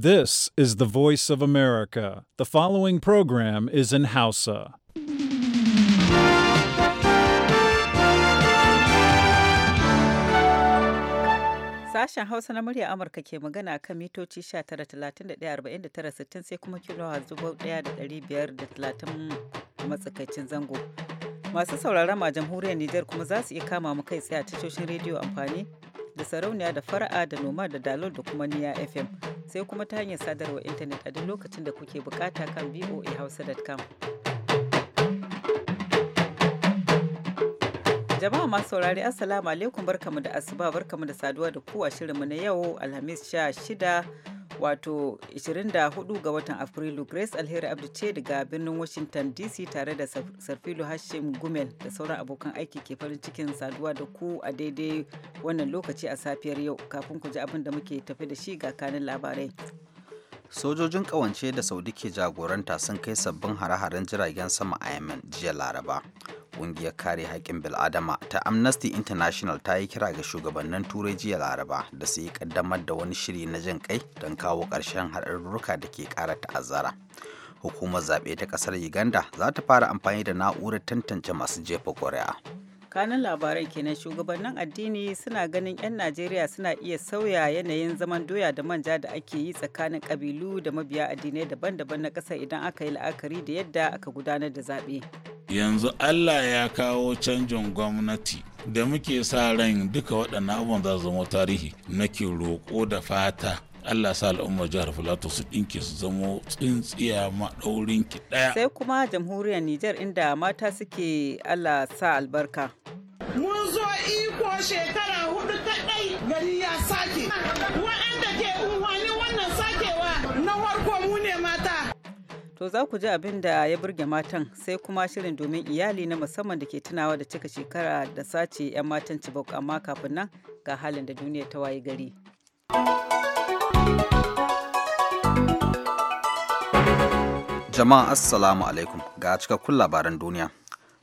This is the voice of America. The following program is in Hausa. Sashen Hausa na murya Amurka ke magana kan mitoci 19,31,49,60 sai kuma kilo 1,530 matsakaicin zango. Masu sauraron a jamhuriyar Nijar kuma za su iya kama mu kai tsaye a tashoshin rediyo amfani da sarauniya da fara'a da noma da dalol da kuma niya fm sai kuma ta hanyar sadarwa intanet a duk lokacin da kuke bukata kan voahausa.com jama'a masu saurari assalamu alaikum barkamu da asuba barkamu da saduwa da ku a shirinmu na yau alhamis 16 wato 24 ga watan afrilu grace alheri abdu ce daga birnin washington dc tare da sarfilu hashim gumel da sauran abokan aiki ke farin cikin saduwa da ku a daidai wannan lokaci a safiyar yau kafin ku ji abin da muke tafi da shi ga kanin labarai sojojin kawance da saudi ke jagoranta sun kai sabbin hare-haren jiragen sama a yemen jiya laraba ƙungiyar kare haƙƙin bil'adama ta amnesty international ta yi kira ga shugabannin turai jiya laraba da su yi ƙaddamar da wani shiri na jin kai don kawo ƙarshen haɗarurruka da ke ƙara ta'azzara hukumar zaɓe ta ƙasar uganda za ta fara amfani da na'urar tantance masu jefa ƙuri'a tsakanin labaran kenan shugabannin addini suna ganin 'yan najeriya suna iya sauya yanayin zaman doya da manja da ake yi tsakanin kabilu da mabiya addinai daban-daban na ƙasa idan aka yi la'akari da yadda aka gudanar da zaɓe yanzu allah ya kawo canjin gwamnati da muke sa ran duka waɗannan abubuwan za zama tarihi nake roƙo da fata Allah sa al'ummar jihar Filato su dinke su zamo tsintsiya daurin ki ɗaya. Sai kuma jamhuriyar Nijar inda mata suke Allah sa albarka. Mun zo iko shekara hudu kaɗai gari ya sake. Waɗanda ke unwani wannan sakewa na warko mu ne mata. To za ku ji abin da ya burge matan sai kuma shirin domin iyali na musamman da ke tunawa da cika shekara da sace 'yan matan Chibok amma kafin nan ga halin da duniya ta waye gari. thank you Jama'a Assalamu alaikum ga cikakkun labaran duniya.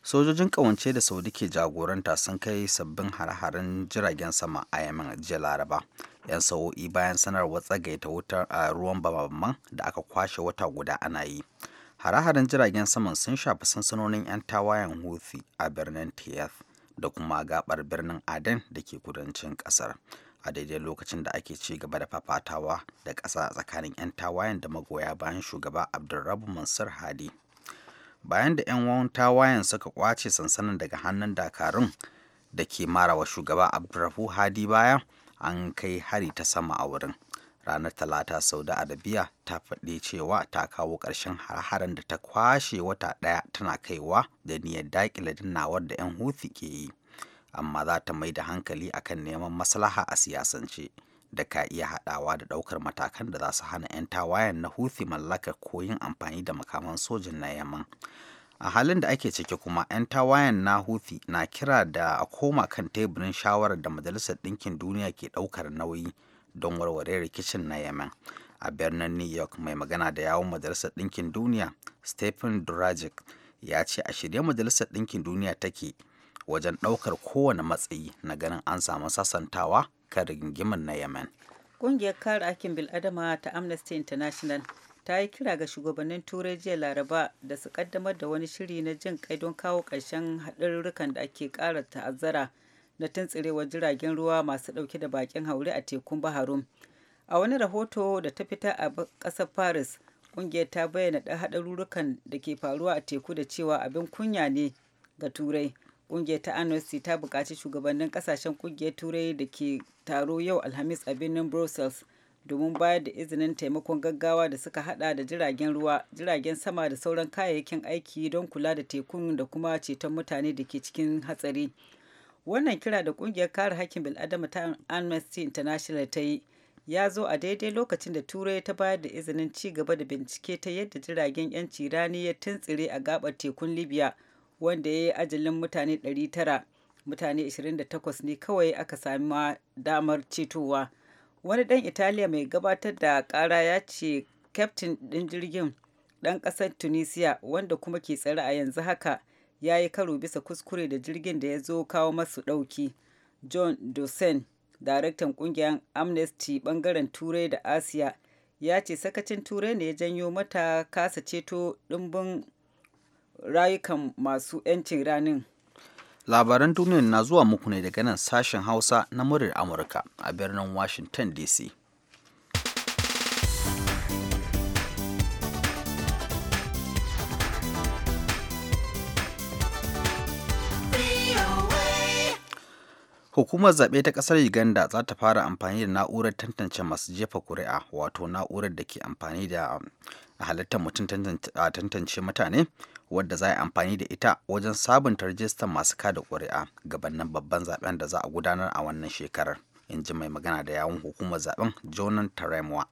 Sojojin kawance da Saudi ke jagoranta sun kai sabbin hare-haren jiragen sama a yamin jiya Laraba. 'Yan sa'o'i bayan sanarwar tsagaita wutar a ruwan bababban da aka kwashe wata guda ana yi. Hare-haren jiragen saman sun shafi sansanonin 'yan tawayen huthi a birnin Tiyaf da kuma gabar birnin Aden da ke kudancin kasar. a daidai lokacin da ake ci gaba da fafatawa da ƙasa tsakanin 'yan tawayen da magoya bayan shugaba abdulrabu mansur hadi bayan da 'yan wawan tawayen suka kwace sansanin daga hannun dakarun da ke marawa shugaba abdulrabu hadi baya an kai hari ta sama a wurin ranar talata da arabiya ta faɗi cewa ta kawo ƙarshen har-haren da ta kwashe wata ɗaya tana kaiwa da niyyar daƙile dinnawar da 'yan huthi ke yi amma za ta mai da hankali akan neman maslaha a siyasance da ka iya haɗawa da ɗaukar matakan da za su hana 'yan tawayen na huthi ko yin amfani da makaman sojin na yaman a halin da ake ciki kuma 'yan tawayen na huthi na kira da a koma kan teburin shawarar da majalisar ɗinkin duniya ke ɗaukar nauyi don warware rikicin na yaman a birnin new york mai magana da yawon majalisar ɗinkin duniya stephen durajic ya ce a shirye majalisar ɗinkin duniya take wajen ɗaukar kowane matsayi na ganin an samu sasantawa kan rigingimin na yemen ƙungiyar kare aikin bil'adama ta amnesty international ta yi kira ga shugabannin turai jiya laraba da su ƙaddamar da wani shiri na jin kai don kawo ƙarshen haɗarurrukan da ake ƙara ta'azzara na tuntsirewar jiragen ruwa masu ɗauke da baƙin haure a tekun baharum a wani rahoto da ta fita a ƙasar paris ƙungiyar ta bayyana ɗan haɗarurrukan da ke faruwa a teku da cewa abin kunya ne ga turai kungiyar ta annecy ta bukaci shugabannin kasashen kungiyar turai da ke taro yau alhamis a birnin brussels domin bayar da izinin taimakon gaggawa da suka hada da jiragen ruwa jiragen sama da sauran kayayyakin aiki don kula da tekun da kuma ceton mutane da ke cikin hatsari wannan kira da kungiyar kare hakkin bil'adama ta amnesty international ta yi ya zo a daidai lokacin da turai ta bayar da izinin ci gaba da bincike ta yadda jiragen 'yanci rani ya tuntsire a gabar tekun libya wanda ya yi ajalin mutane 900 mutane 28 ne kawai aka sami damar cetowa wani ɗan italiya mai gabatar da ƙara ya ce kyaftin ɗin jirgin ɗan ƙasar tunisia wanda kuma ke tsare a yanzu haka ya yi karo bisa kuskure da jirgin da ya zo kawo masu ɗauki john dosen daraktan ƙungiyar amnesty ɓangaren turai da asiya ya ce sakacin turai ne ya janyo mata kasa ceto ɗimbin rayukan masu 'yancin ranin. Labaran duniyar na zuwa muku ne daga nan sashen Hausa na muryar Amurka a birnin Washington DC. Hukumar zaɓe ta ƙasar Uganda za ta fara amfani da na'urar tantance masu jefa kuri'a wato na'urar da ke amfani da um, halittar mutum tantance mutane wadda za a yi amfani da ita wajen sabunta rajistar masu kada ƙuri'a gabanin babban zaɓen da za a gudanar a wannan shekarar in ji mai magana da yawun hukumar zaɓen jonan taremwa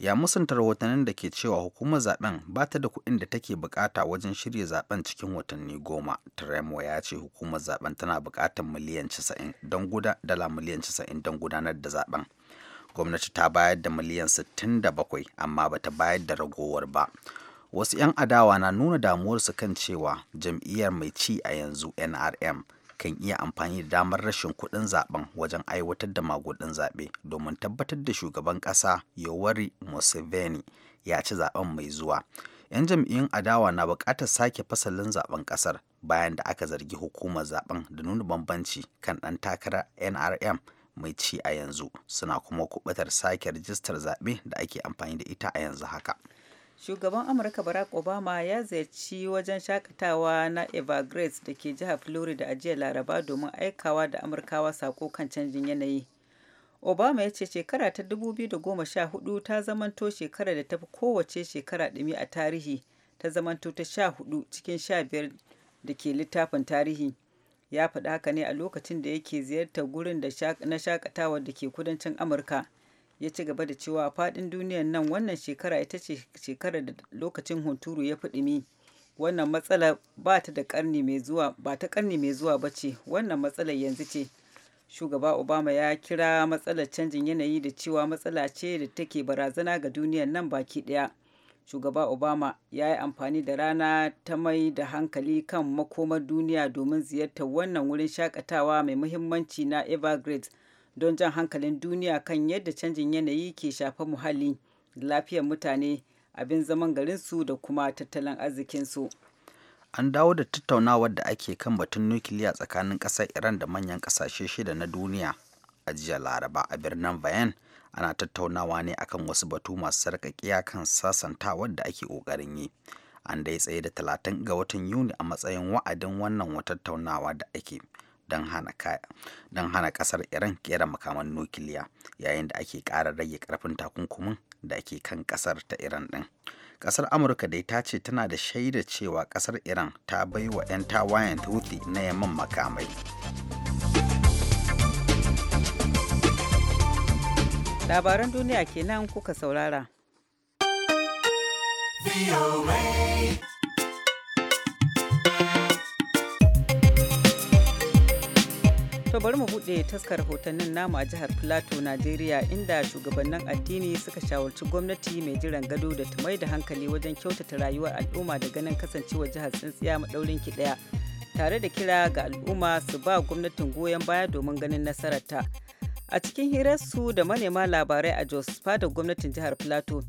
ya musanta rahotannin da ke cewa hukumar zaben ba ta da kuɗin da take bukata wajen shirya zaben cikin watanni goma. Tremo ya ce hukumar zaben tana bukatar miliyan 90 don guda dala miliyan 90 don gudanar da zaben. Gwamnati ta bayar da miliyan 67 amma ba ta bayar da ragowar ba. Wasu 'yan adawa na nuna damuwarsu kan cewa jam'iyyar mai ci a yanzu NRM kan iya amfani da damar rashin kuɗin zaben wajen aiwatar da magudin zaɓe domin tabbatar da shugaban ƙasa yawari museveni ya ci zaben mai zuwa 'yan jam'iyyun adawa na buƙatar sake fasalin zaben ƙasar bayan da aka zargi hukumar zaben da nuna bambanci kan ɗan takarar nrm mai ci a yanzu suna kuma kubatar sake rijistar zaɓe da ake amfani da ita a yanzu haka shugaban amurka barack obama ya ziyarci wajen shakatawa na evergrades da ke jihar florida a jiya laraba domin aikawa da amurkawa sako kan canjin yanayi obama ya ce shekara ta 2014 ta zamanto shekara da ta fi kowace shekara ɗumi a tarihi ta zamanto ta 14 cikin 15 da ke littafin tarihi ya faɗa haka ne a lokacin da yake ziyartar gurin na shakatawa da ke kudancin amurka ya ci gaba da cewa a faɗin duniyar nan wannan shekara ita ce shekarar da lokacin hunturu ya fi wannan matsala ba ta da karni mai zuwa ba ta karni mai zuwa ba ce wannan matsalar yanzu ce shugaba obama ya kira matsalar canjin yanayi da cewa matsala ce da take barazana ga duniyar nan baki ɗaya shugaba obama ya yi amfani da rana ta mai da hankali kan makomar duniya domin ziyartar wannan wurin shakatawa mai muhimmanci na evergrande don jan hankalin duniya kan yadda canjin yanayi ke shafa muhalli da lafiyar mutane abin zaman garinsu da kuma tattalin arzikinsu. An dawo da tattaunawar da ake kan batun nukiliya tsakanin ƙasar Iran da manyan ƙasashe shida na duniya a jiya Laraba a birnin Bayan ana tattaunawa ne akan wasu batu masu sarƙaƙiya kan sasantawar da ake ƙoƙarin yi. An dai tsaye da talatin ga watan Yuni a matsayin wa'adin wannan wa tattaunawa da ake. don hana kasar iran kera makaman nukiliya yayin da ake ƙara rage ƙarfin takunkumin da ake kan kasar ta iran din kasar amurka dai ta ce tana da shaida cewa kasar iran ta bai wa 'yan tawayen houthi na yamman makamai labaran duniya kenan kuka saurara To bari mu buɗe taskar hotonnin namu a jihar Plateau, Najeriya inda shugabannin addini suka shawarci gwamnati mai jiran gado da ta mai da hankali wajen kyautata rayuwar al'umma da ganin kasancewa jihar tsintsiya maɗaurin ki ɗaya. Tare da kira ga al'umma su ba gwamnatin goyon baya domin ganin nasararta. A cikin hirarsu da manema labarai a Jos da gwamnatin jihar Plateau,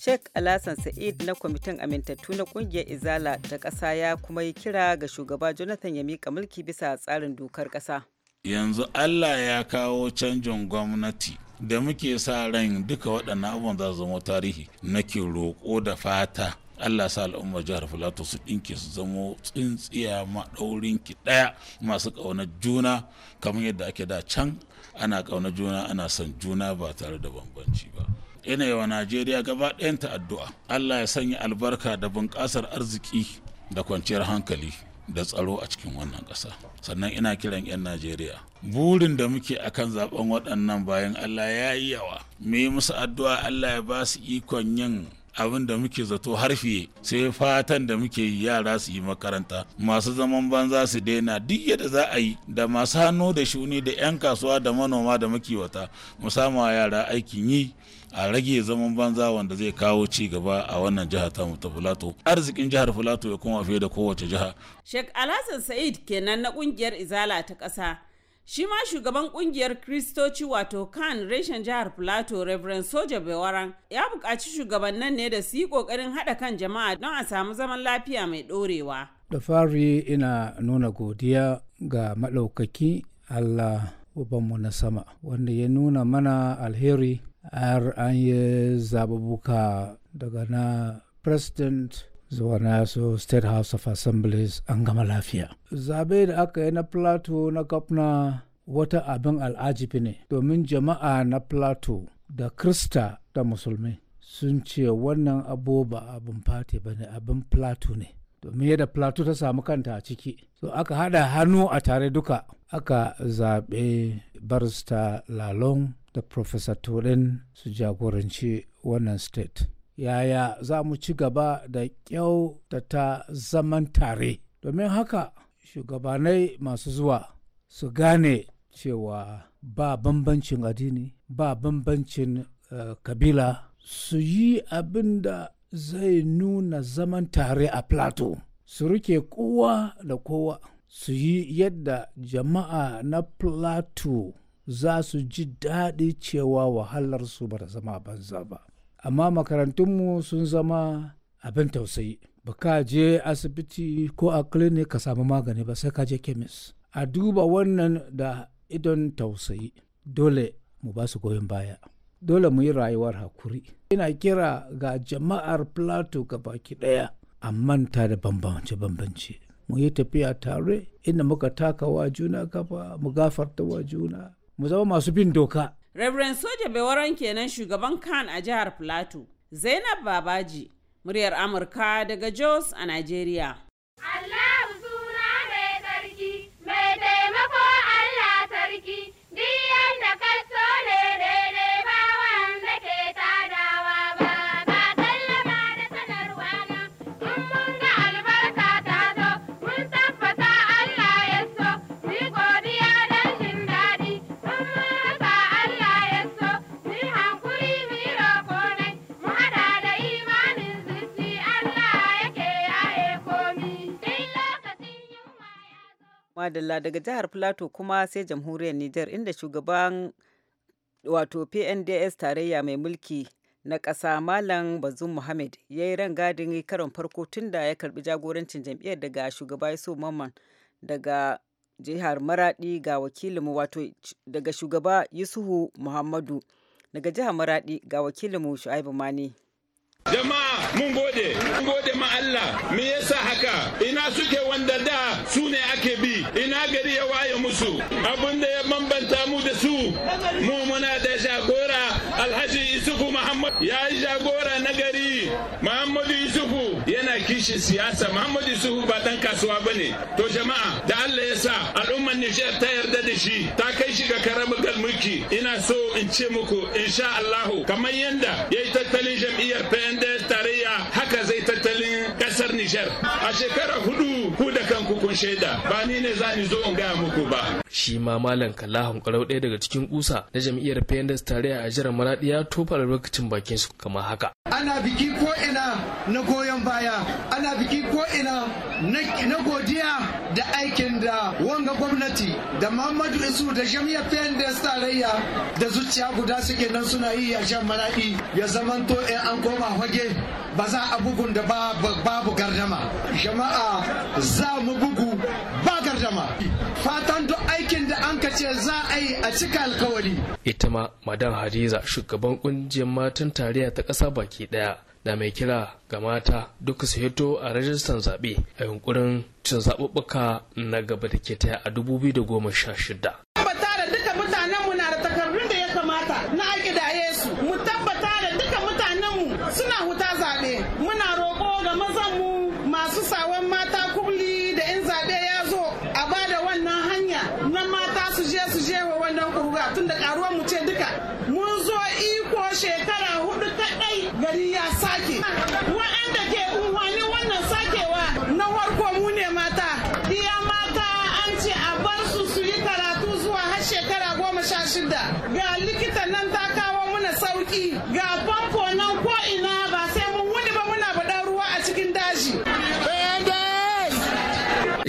Sheikh Alasan Sa'id na kwamitin amintattu na kungiyar Izala ta ƙasa ya kuma yi kira ga shugaba Jonathan ya mika mulki bisa tsarin dokar ƙasa. yanzu allah ya kawo canjin gwamnati da muke sa ran duka waɗannan abubuwan za su zama tarihi nake roƙo da fata Allah sa al'ummar jihar Filato su ɗinke su zamo tsintsiya maɗaurin ki ɗaya masu ƙaunar juna kamar yadda ake da can ana ƙaunar juna ana son juna ba tare da bambanci ba. Ina yawa Najeriya gaba ɗayanta addu'a. Allah ya sanya albarka da bunƙasar arziki da kwanciyar hankali. da tsaro a cikin wannan ƙasa sannan ina kiran 'yan najeriya burin da muke a kan zaben waɗannan bayan allah ya yi yawa mu musu addu'a allah ya ba su ikon yin abin da muke zato harfiye sai fatan da muke yi yara su yi makaranta masu zaman banza su daina duk yadda za a yi da masu hannu da shuni da 'yan kasuwa da manoma da makiwata mu sama yara aikin yi a rage zaman banza wanda zai kawo ci gaba a wannan jihar ta ta fulato Arzikin jihar fulato ya kuma fiye da kowace jiha. Sheikh Alhassan Said kenan na kungiyar Izala ta ƙasa. Shi ma shugaban kungiyar Kristoci wato kan reshen jihar fulato Reverend Soja Bewaran ya buƙaci shugabannin ne da su yi ƙoƙarin haɗa kan jama'a don a samu zaman lafiya mai ɗorewa. Da fari ina nuna godiya ga maɗaukaki Allah Ubanmu na sama wanda ya nuna mana alheri har an yi zababuka daga na president zuwa na so state house of assemblies an gama lafiya zaɓe da aka yi na plateau na gwamna wata abin al'ajibi ne domin jama'a na plateau da krista da musulmi sun ce wannan abu ba abin fati ba ne abin plateau ne domin yadda plateau ta samu kanta a ciki so aka hada hannu a tare duka aka zaɓe barista lalong da Professor Turin su jagoranci wannan state. Yaya za mu ci gaba da kyau da ta zaman tare. Domin haka shugabanai masu zuwa su gane cewa ba bambancin addini, ba bambancin uh, kabila su yi abin da zai nuna zaman tare a plateau. Su rike kowa da kowa, su yi yadda jama'a na plateau za su ji daɗi cewa wahalarsu ba ta zama banza ba amma makarantunmu sun zama abin tausayi ba ka je asibiti ko a clinic ka samu magani ba sai ka je kemis a duba wannan da idon tausayi dole mu ba su goyon baya dole mu yi rayuwar hakuri ina kira ga jama'ar plateau baki ɗaya a manta da bambance-bambance mu yi tafiya tare inda muka takawa juna kafa mu gafarta wa juna mu zama masu bin doka reverend soja bewaran kenan shugaban kan a jihar plateau zainab babaji muryar amurka daga jos a Najeriya. Allah! Madalla daga jihar Plateau kuma sai jamhuriyar Nijar inda shugaban wato PNDS tarayya mai mulki na ƙasa Malam Bazum Muhammad ya yi rangadin karon farko tun da ya karbi jagorancin jam'iyyar daga shugaba Yusuf Mamman daga jihar Maradi ga wakilinmu wato daga shugaba yusuf Muhammadu daga jihar Maradi ga wakilinmu Shu'aibu Mani Jama'a mun gode, mun gode ma Allah, me yasa haka? Ina suke wanda da su ne ake bi, ina gari ya waye musu. Abin da ya bambanta mu da su, mu muna da jagora alhaji isufu muhammad ya yi jagora na gari muhammadu isufu yana kishi siyasa muhammadu isufu ba dan kasuwa ba ne to jama'a da allah ya sa al'ummar nijar ta yarda da shi ta kai shi ga karamin mulki ina so in ce muku insha allahu kamar yadda ya yi tattalin jam'iyyar pnds tarayya haka zai tattalin kasar Nijar. A shekarar hudu ku da kanku kun shaida ba ni ne za ni zo in gaya muku ba. Shi ma Malam kala Hunkarau ɗaya daga cikin kusa na jam'iyyar pendes tarayya a jihar maraɗi ya tofa lokacin bakin su kamar haka. Ana biki ko ina na goyon baya, ana biki ko ina na godiya da aikin da wanga gwamnati da muhammadu isu da ya sa tarayya da zuciya guda suke nan suna yi a jan maraɗi ya zamanto in an koma fage ba za a bugun da babu gardama jama'a za mu bugu ba gardama fatan duk aikin da an ka ce za a yi a cika alkawari ita ma madan hadiza shugaban kungiyar matan tarayya ta ƙasa baki ɗaya da mai kira ga mata duk su hito a rajistan zaɓe a yunkurin cin zaɓuɓɓuka na gaba da ke taya a 2016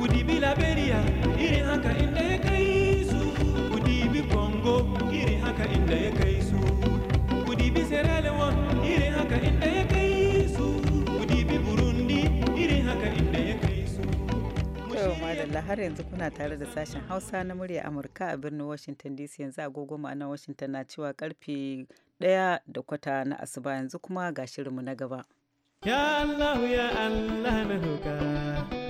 kudibi liberia iri haka inda ya kai su kudibi congo iri haka inda ya kai su kudibi sierra leone iri haka inda ya kai su kudibi burundi iri haka inda ya kai su yau madalla har yanzu kuna tare da sashen hausa na murya amurka a birnin washington dc yanzu agogo ma'ana washington na cewa karfe daya da kwata na asuba yanzu kuma ga shirinmu na gaba ya allahu ya allah na roka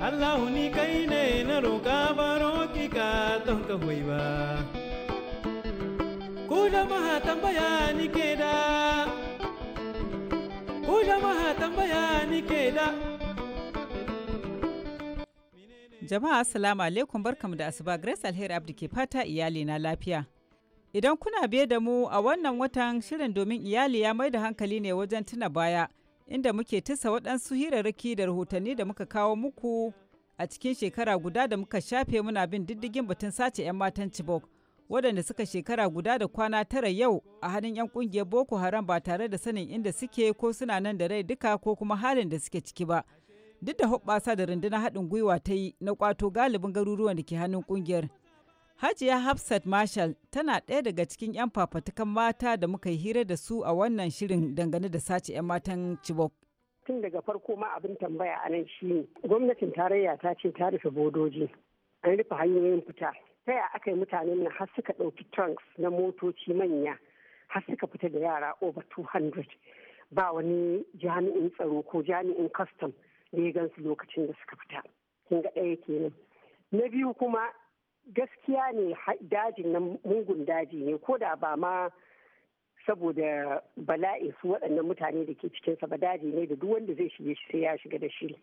Allah ni kai ne na roƙa baro ki ka don ka hoyi ba. Ku jama'a tambaya ni ke da, ku jama'a tambaya ke da. Jama'a Assalamu alaikum barkamu da asuba Grace Alheri Abdi ke fata iyali na lafiya. Idan kuna biye da mu a wannan watan shirin domin iyali ya mai da hankali ne wajen tuna baya. inda muke tisa waɗansu hirarraki da rahotanni da muka kawo muku a cikin shekara guda da muka shafe muna bin diddigin batun sace 'yan matan Chibok waɗanda suka shekara guda da kwana tara yau a hannun 'yan ƙungiyar Boko Haram ba tare da sanin inda suke ko suna nan da rai duka ko kuma halin da suke ciki ba. Duk da hoɓɓasa da rundunar haɗin gwiwa ta yi na ƙwato galibin garuruwan da ke hannun ƙungiyar. Hajiya Hafsat Marshall tana ɗaya daga cikin 'yan fafatukan mata da muka yi hira da su a wannan shirin dangane da sace 'yan matan Chibok. Tun daga farko ma abin tambaya a nan shi ne, gwamnatin tarayya ta ce ta rufe bodoji, an rufe hanyoyin fita. Ta yaya aka yi mutanen nan har suka ɗauki trunks na motoci manya har suka fita da yara over 200 ba wani jami'in tsaro ko jami'in custom da ya gansu lokacin da suka fita. Kin ga ɗaya kenan. Na biyu kuma gaskiya ne dajin nan mungun daji ne ko da ba ma saboda bala'i su waɗannan mutane da ke cikinsa ba daji ne da duk wanda zai shige shi sai ya shiga da shi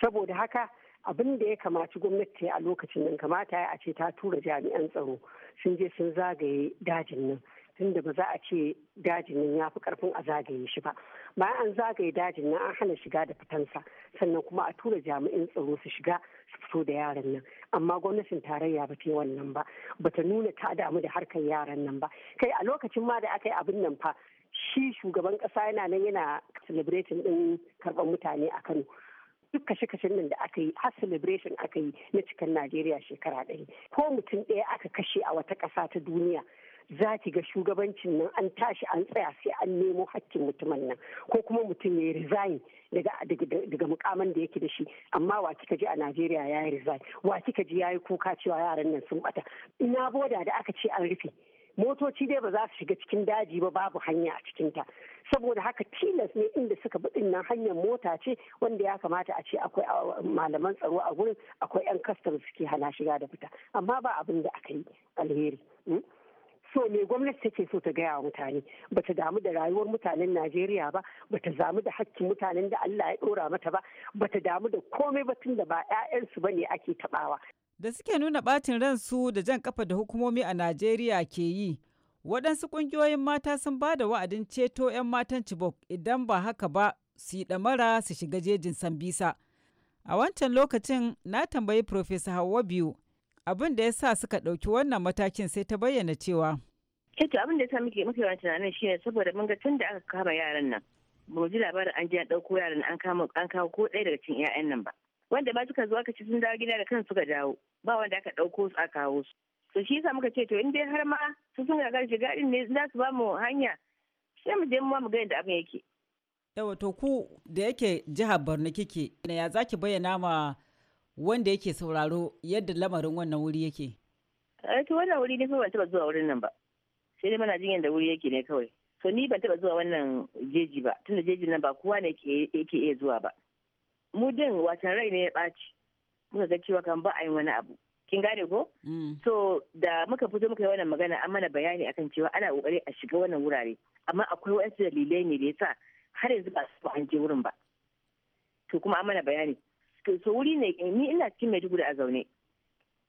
saboda haka abin da ya kamaci gwamnati a lokacin nan kamata ya a ce ta tura jami'an tsaro sun je sun zagaye dajin nan tunda ba za a ce dajin nan ya fi karfin a zagaye shi ba bayan an zagaye dajin nan an hana shiga da fitansa sannan kuma a tura jami'in tsaro su shiga su fito da yaran nan amma gwamnatin tarayya ba ta yi wannan ba ba ta nuna ta damu da harkar yaran nan ba kai a lokacin ma da aka yi abin nan fa shi shugaban kasa yana nan yana celebrating din karban mutane a Kano duk kashe-kashen nan da aka yi har celebration aka yi na cikin Najeriya shekara ɗaya ko mutum ɗaya aka kashe a wata ƙasa ta duniya za ki ga shugabancin nan an tashi an tsaya sai an nemo hakkin mutumin nan ko kuma mutum ya resign daga mukaman da yake da shi amma wa kika ji a Najeriya ya yi resign wa kika ji ya yi kuka cewa yaran nan sun bata ina boda da aka ce an rufe motoci dai ba za su shiga cikin daji ba babu hanya a cikin ta saboda haka tilas ne inda suka bi nan hanyar mota ce wanda ya kamata a ce akwai malaman tsaro a gurin akwai 'yan kastam suke hana shiga da fita amma ba abin da aka yi alheri hmm? so me gwamnati take so ta gaya wa mutane bata damu da rayuwar mutanen najeriya ba bata damu da hakkin mutanen da allah ya ɗora mata ba bata damu da komai ba tun da ba 'ya'yansu ba ne ake taɓawa da suke nuna ɓacin ransu da jan kafa da hukumomi a najeriya ke yi waɗansu ƙungiyoyin mata sun ba da wa'adin ceto 'yan matan cibok idan ba haka ba su yi ɗamara su shiga jejin Sambisa. A wancan lokacin na tambayi Profesa Hauwa biyu abin da ya sa suka ɗauki wannan matakin sai ta bayyana cewa Kyautu eh abin da ya sa muke muke wani tunanin ne saboda mun ga tun da aka kama yaran nan ba ji labarin an ji an ɗauko yaran an kama an kawo ko ɗaya daga cikin 'ya'yan nan ba wanda ba suka zo aka ci sun dawo gida da kansu suka dawo ba wanda aka ɗauko su aka kawo su to shi yasa muka ce to in dai har ma su sun gagar shiga ne za su ba mu hanya sai mu je mu mu ga yadda abin yake yawa to ku da yake jihar Borno kike ya zaki bayyana ma wanda yake sauraro yadda lamarin wannan wuri yake? Aiki eh, wannan wuri ne ban taba zuwa wurin nan ba. Sai dai muna jin yadda wuri yake ne kawai. So ni ban taba zuwa wannan jeji ba, tunda jeji nan ba kowa ne yake iya zuwa ba. Mu din watan rai ne ya ɓaci. Muka ga cewa kan ba a yin wani abu. Kin gane ko? Mm. So da muka fito muka yi wannan magana an mana bayani akan cewa ana kokari a shiga wannan wurare. Amma akwai wasu dalilai ne da yasa har yanzu ba su an je wurin ba. To kuma an mana bayani. to wuri ne eh, ni ina cikin Maiduguri a zaune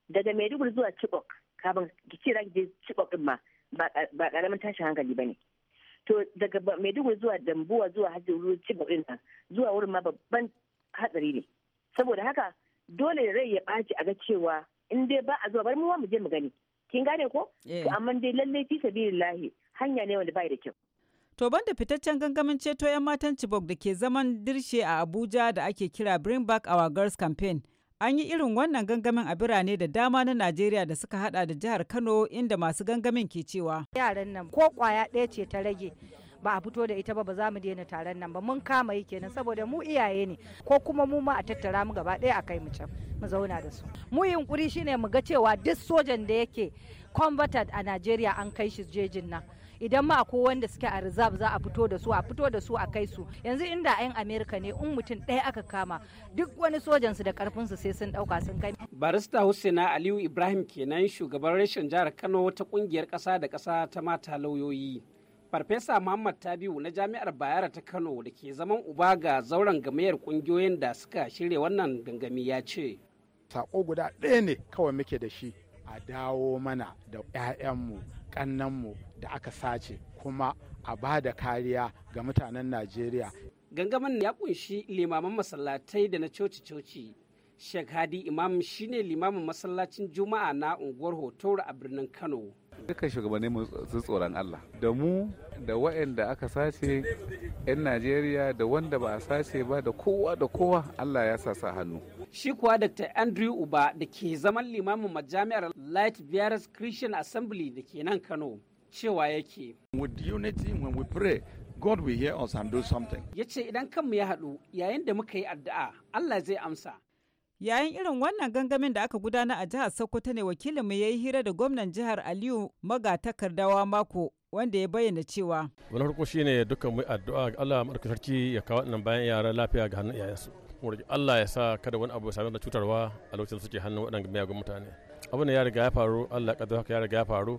daga Maiduguri zuwa Chibok kafin ki ce zaki je Chibok din ma ba karamin tashin hankali bane to daga Maiduguri zuwa Dambuwa zuwa Hajjuru Chibok din nan zuwa wurin ma babban hatsari ne saboda haka dole rai ya baci a ga cewa in dai ba a zuwa bari mu mu je mu gani kin gane ko eh. to amma dai lalle fi sabilillahi hanya ne wanda bai da kyau To banda fitaccen gangamin ceto 'yan matan Chibok da ke zaman dirshe a Abuja da ake kira Bring Back Our Girls Campaign, an yi irin wannan gangamin a birane da dama na Najeriya da suka hada da jihar Kano inda masu gangamin ke cewa. Yaran nan ko kwaya ɗaya ce ta rage. ba a fito da ita ba ba za mu daina taron nan ba mun kama yi kenan saboda mu iyaye ne ko kuma mu ma a tattara mu gaba ɗaya a kai mu can mu zauna da su mu yunkuri shine mu ga cewa duk sojan da yake converted a Najeriya an kai shi jejin nan idan ma akwai wanda suke a reserve za a fito da su a fito da su a kai su yanzu inda yan america ne in mutum ɗaya aka kama duk wani sojan su da karfin su sai sun dauka sun kai barista husaina aliyu ibrahim kenan shugaban rashin jihar kano ta kungiyar ƙasa da kasa ta mata lauyoyi Farfesa Muhammad Tabiu na Jami'ar Bayero ta Kano da ke zaman uba ga zauren gamayar kungiyoyin da suka shirya wannan gangami ya ce. Sako guda ɗaya ne kawai muke da shi a dawo mana da 'ya'yanmu kannanmu da aka sace kuma a ba da kariya ga mutanen najeriya gangamin ya kunshi limaman masallatai da na coci-coci Sheikh Hadi Imam shine limamin masallacin Juma'a na unguwar hoto a birnin Kano. Dukkan shugabanni mu su tsoron Allah. Da mu da waɗanda aka sace 'yan Najeriya da wanda ba a sace ba da kowa da kowa Allah ya sa sa hannu. Shi kuwa Dr. Andrew Uba da ke zaman limamin majami'ar Light Bearers Christian Assembly da ke nan Kano cewa yake. With unity when we pray, God will hear us and do something. Ya ce idan kanmu ya haɗu yayin da muka yi addu'a, Allah zai amsa. Yayin irin wannan gangamin da aka gudana a jihar Sokoto ne wakilinmu ya yi hira da gwamnan jihar Aliyu magatakardawa mako wanda ya bayyana cewa. Wani farko shi ne dukkan mu addu'a Allah maɗauki sarki ya kawo nan bayan yara lafiya ga hannun iyayensu. Allah ya sa kada wani abu ya sami da cutarwa a lokacin suke hannun waɗanda miyagun mutane. abin ya riga ya faru Allah kadar haka ya riga ya faru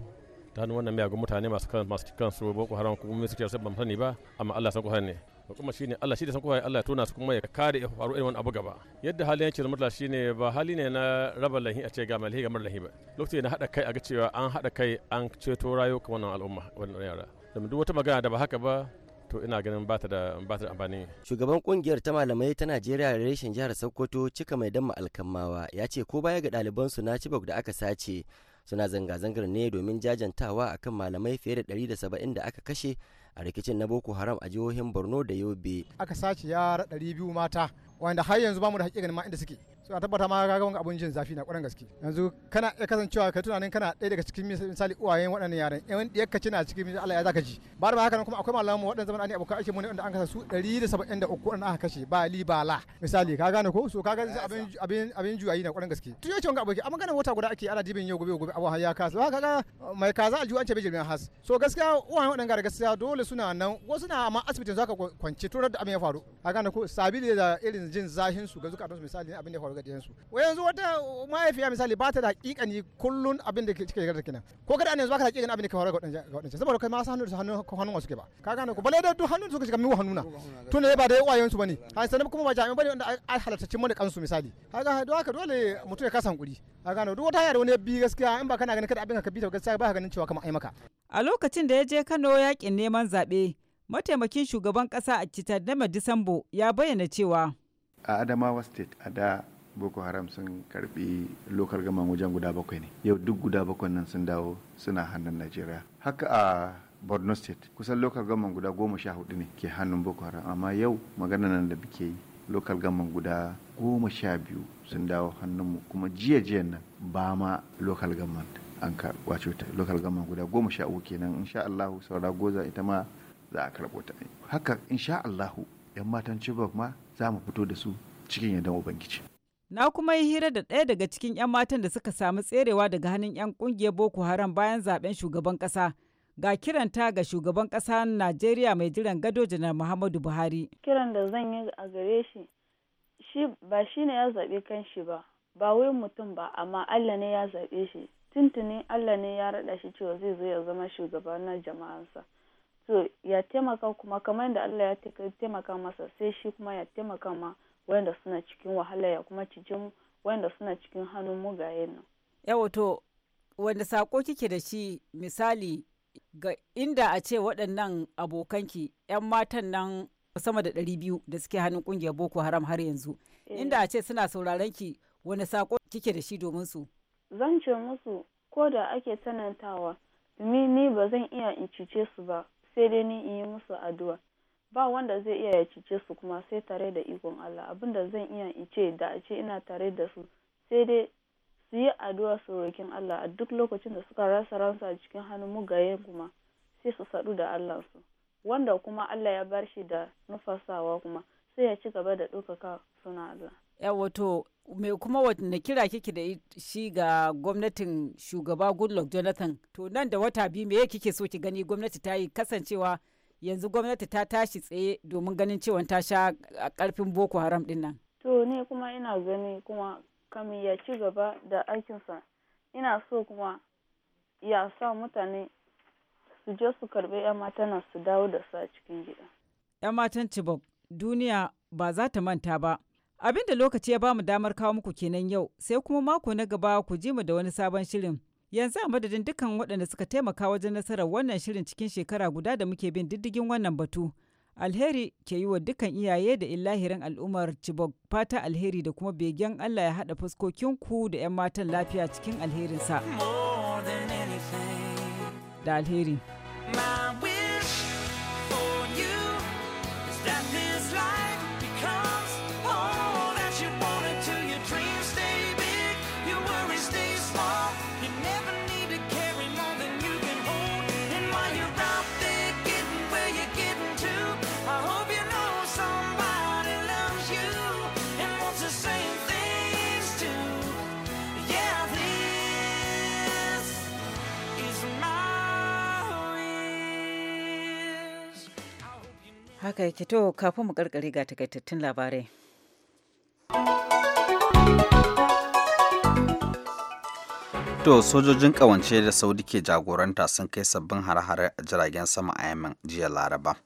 ta hannun wannan miyagun mutane masu kan masu kan su boko haram kuma mai suke ban sani ba amma Allah san kuhar ne kuma shine Allah shi da san kuhar Allah ya tona su kuma ya kare ya faru irin wannan abu gaba yadda halin yake shi shine ba hali ne na raba lahi a ce ga malhi ga marlahi ba lokaci na hada kai a ga cewa an hada kai an ceto rayuka wannan al'umma wannan yara domin duk wata magana da ba haka ba to ina ganin ba ta da amfani shugaban kungiyar ta malamai ta najeriya reshen jihar sokoto cika mai damma alkammawa ya ce ko baya ga ɗaliban su na cibok da aka sace suna zanga-zangar ne domin jajantawa akan malamai fiye da 170 da aka kashe a rikicin na boko haram a jihohin borno da yobe aka sace yara 200 mata wanda har yanzu ba mu da ganin ma inda suke so a tabbata ma ga wani abincin zafi na kwarin gaske yanzu kana iya kasancewa ka tunanin kana ɗaya daga cikin misali uwayen waɗannan yaran yawan eh, ɗiyarka ka cina cikin misali Allah ya zaka ji ba da haka nan kuma akwai malamu waɗanda zaman ne abokan ake mu ne wanda an kasa su ɗari da saba'in 173 waɗanda aka kashe ba li ba la misali ka gane ko so ka gane abin abin abin juyayi na kwarin gaske tun yace wani aboki amma ganin wata guda ake ana dibin yau gobe gobe abu ya kasa ba kaga mai kaza a juwance bai jirgin has so gaskiya uwayen waɗanda gaskiya dole suna nan wasu na amma asibitin zaka kwance turar da abin ya faru ka gane ko sabili da irin jin zahin su ga zuka zukatun misali abin ya faru wai yanzu wata mahaifiya misali ba ta da yi kullun abin da ke cikin gargajiya kenan ko kada yanzu baka da hakikani abin da ke faruwa ga wadancan saboda kai ma san hannun hannun hannun wasu ke ba ka gane ko balle da duk hannun suka shiga mu hannuna tun da ba da uwayen su bane ha sanin kuma ba jami'an bane wanda ai halartacin mu da kansu misali gane don haka dole mutum ya kasa hankuri ka gane duk wata hanya da wani bi gaskiya in ba kana ganin kada abin ka bi ta gaskiya ba ka ganin cewa kamar ai maka a lokacin da ya je Kano yakin neman zaɓe mataimakin shugaban ƙasa a citar dama disambo ya bayyana cewa a adamawa state a da boko haram sun karbi lokar gaman wajen guda bakwai ne yau duk guda bakwai nan sun dawo suna hannun najeriya haka a borno state kusan lokar gaman guda goma sha hudu ne ke hannun boko haram amma yau magana nan da muke yi lokal gaman guda goma sha biyu sun dawo hannunmu kuma jiya jiyan nan ba ma lokal gaman an wato ta lokal gaman guda goma sha uku kenan insha Allahu saura goza ita ma za a karɓo ta haka insha Allahu yan matan Chibok ma za mu fito da su cikin yadda ubangiji Na kuma yi hira da ɗaya daga cikin 'yan matan da suka samu tserewa daga hannun 'yan ƙungiyar Boko Haram bayan zaben shugaban ƙasa. Ga kiranta ga shugaban ƙasa Najeriya mai jiran gado janar Muhammadu Buhari. Kiran da zan yi a gare shi, shi ba shi ne ya zaɓe kan shi ba, ba wai mutum ba, amma Allah ne ya zaɓe shi. Tuntuni Allah ne ya raɗa shi cewa zai zo ya zama shugaban na jama'arsa. To ya taimaka kuma kamar da Allah ya taimaka masa sai shi kuma ya taimaka ma wayanda suna cikin wahala ya kuma cijin wayanda suna cikin hannun mugayen nan Yawato, wanda sako kike da shi misali ga inda a ce waɗannan abokanki 'yan matan nan sama da ɗari biyu da suke hannun ƙungiyar boko haram har yanzu eh. inda a ce suna sauraron ki wani sako kike da shi domin su zan ce musu ko da ake tanantawa domin ni ba zan iya in cice su ba sai dai ni in yi musu addu'a Ba wanda zai iya ya cice su kuma sai tare da ikon Allah, abin da zan iya in ce da a ce ina tare da su, sai dai su yi addu'a su Allah a duk lokacin da suka rasa ransu a cikin hannun mugaye kuma sai su sadu da allah su Wanda kuma Allah ya bar shi da nufasawa kuma sai ya ci gaba da ɗaukaka suna Allah. Ya to me kuma na kira kike da shi ga gwamnatin shugaba Goodluck Jonathan to nan da wata biyu me kike so ki gani gwamnati ta yi kasancewa yanzu gwamnati ta tashi tsaye domin ganin cewa ta sha a karfin boko haram din nan to ne kuma ina gani kuma kamin ya ci gaba da aikinsa ina so kuma ya sa mutane su je su karbi 'yan matan su dawo da su a cikin gida 'yan matan cibok duniya ba za ta manta ba abinda lokaci ya bamu damar kawo muku kenan yau sai kuma mako na gaba ku ji mu da wani sabon shirin Yanzu a madadin dukkan waɗanda suka taimaka wajen nasarar wannan shirin cikin shekara guda da muke bin diddigin wannan batu. Alheri ke yi wa dukkan iyaye da illahirin al'ummar cibok fata alheri da kuma begen Allah ya haɗa fuskokinku da 'yan matan lafiya cikin alherinsa. Da alheri. haka yake to kafin mu karkare ga takaitattun labarai To sojojin kawance da Saudi ke jagoranta sun kai sabbin hare-hare a jiragen sama a yamin jiya Laraba.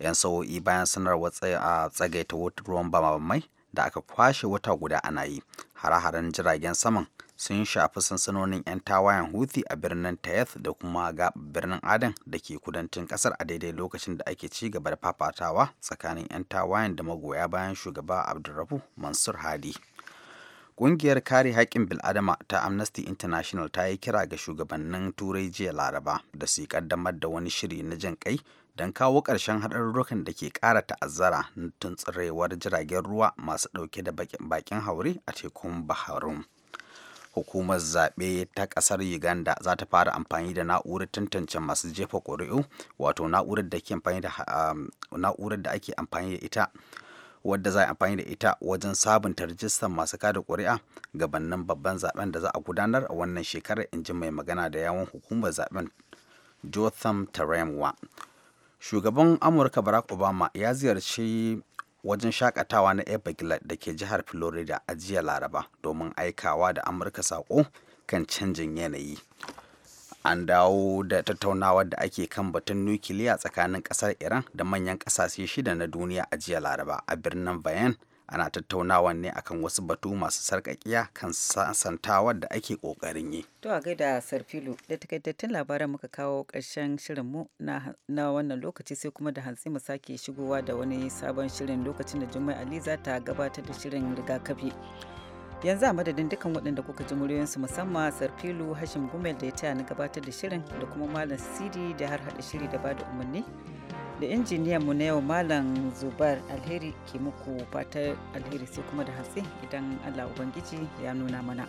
'Yan sa'o'i bayan sanarwar a tsagaita ruwan bama mai da aka kwashe wata guda ana yi. Hare-haren jiragen saman sun shafi sansanonin 'yan tawayen Houthi a birnin Tayath da kuma ga birnin Aden da ke kudancin kasar a daidai lokacin da ake ci gaba da fafatawa tsakanin 'yan tawayen da magoya bayan shugaba Abdurrafu Mansur Hadi. Ƙungiyar kare haƙƙin bil'adama ta Amnesty International ta yi kira ga shugabannin Turai jiya Laraba da su kaddamar da wani shiri na jin kai don kawo ƙarshen haɗarurrukan da ke ƙara ta'azzara na tuntsirewar jiragen ruwa masu ɗauke da baƙin haure a tekun Baharum. hukumar zaɓe ta ƙasar uganda za ta fara amfani da na'urar tantance masu jefa ƙuri'u wato na'urar da um, ake amfani da ita wadda za a amfani da ita wajen sabunta rajistar masu kada ƙuri'a gabanin babban zaben da za a gudanar a wannan shekarar in ji mai magana da yawon hukumar zaben jotham taremwa shugaban amurka barack obama ya ziyarci wajen shakatawa na Everglades da ke jihar Florida a jiya Laraba domin aikawa da Amurka sako kan canjin yanayi. An dawo da tattaunawa da ake kan batun nukiliya tsakanin kasar Iran da manyan kasashe shida na duniya a jiya Laraba a birnin Bayan ana tattaunawa ne akan wasu batu masu sarkakiya kan santawa da ake ƙoƙarin yi. To a gaida Sarfilu da takaitattun labaran muka kawo ƙarshen shirin mu na wannan lokaci sai kuma da hantsi mu sake shigowa da wani sabon shirin lokacin da juma'a Aliza ta gabatar da shirin rigakafi. yanzu a madadin dukkan waɗanda kuka ji muryoyinsu musamman sarfilu hashim gumel da ya taya na gabatar da shirin da kuma malam sidi da har haɗa shiri da bada umarni da injiniyan mu na yau malam zubar alheri ke muku fatar alheri sai kuma da hatsi idan allah ubangiji ya nuna mana.